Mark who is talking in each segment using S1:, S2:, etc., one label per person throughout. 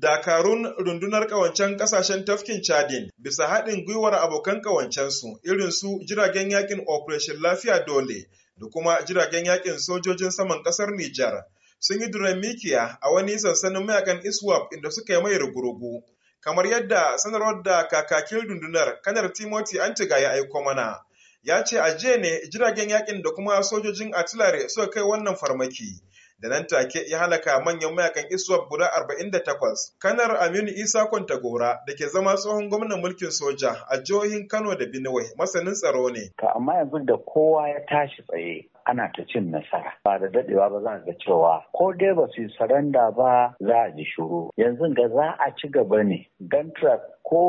S1: dakarun rundunar kawancen kasashen tafkin chadin bisa haɗin gwiwar abokan kawancensu irin su jiragen yakin operation lafiya dole da kuma jiragen yakin sojojin saman ƙasar Nijar sun yi duren mikiya a wani sansanin mayakan iswap inda suka yi mai rugurugu kamar yadda sanarwar da kakakin rundunar kanar timothy antiga ya aiko mana ya ce a jiya ne jiragen yakin da kuma sojojin artillery suka kai wannan farmaki da nan take ya halaka manyan mayakan iswap guda 48 kanar aminu isa kwantagora da ke zama tsohon gwamnan mulkin soja a jihohin kano da benue masanin tsaro ne ka amma yanzu da kowa ya tashi tsaye ana ta cin nasara
S2: ba da dadewa ba za ga cewa ko dai ba su yi saranda ba za a ji shuru yanzu ga za a ci gaba ne gantrak ko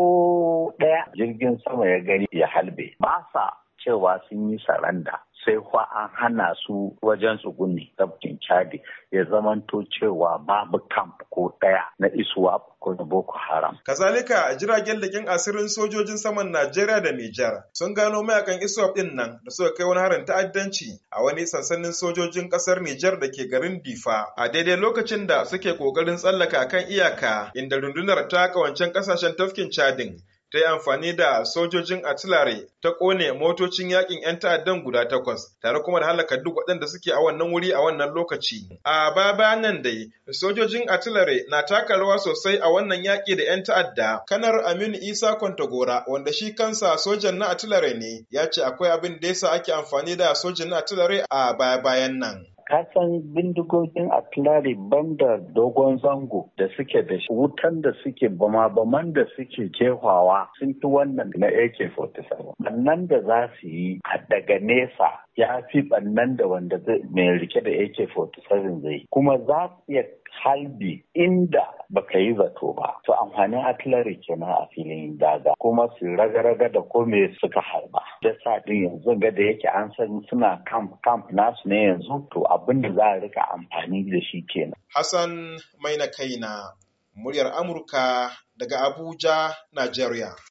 S2: ɗaya jirgin sama ya gani ya halbe Ba sa. cewa sun yi saranda sai kwa an hana su wajen tsuguni tsabtin chadi ya zamanto cewa babu kamp ko ɗaya na isuwa ko na boko haram.
S1: kazalika jiragen kin asirin sojojin saman najeriya da nijar sun gano mayakan isuwa ɗin nan da suka kai wani harin ta'addanci a wani sansanin sojojin ƙasar nijar da ke garin difa a daidai lokacin da suke ƙoƙarin tsallaka kan iyaka inda rundunar ta kawancen ƙasashen tafkin chadin ta yi amfani da sojojin atilare ta kone motocin yakin 'yan ta'addan guda takwas tare kuma da halaka duk waɗanda suke a wannan wuri a wannan lokaci. A baba nan dai sojojin artillery na taka rawa sosai a wannan yaƙi da 'yan ta'adda. Kanar Aminu Isa Kwantagora wanda shi kansa sojan na artillery ne ya ce akwai abin da yasa ake amfani da sojan na artillery a baya bayan nan.
S2: kasan bindigogin atlari banda dogon zango da suke da wutan da suke bama baman da suke kehawa sun fi wannan na ak-47 nan da za su yi daga nesa ya fi bannan da wanda mai rike da AK-47 zai kuma za su iya halbi inda baka yi zato ba to amfanin atlari kenan a filin daga kuma su raga-raga da kome suka harba da sa din yanzu ga da yake an san suna camp camp nasu ne yanzu to abin da za a rika amfani da shi kenan
S1: hassan mai na kai na muryar amurka daga abuja nigeria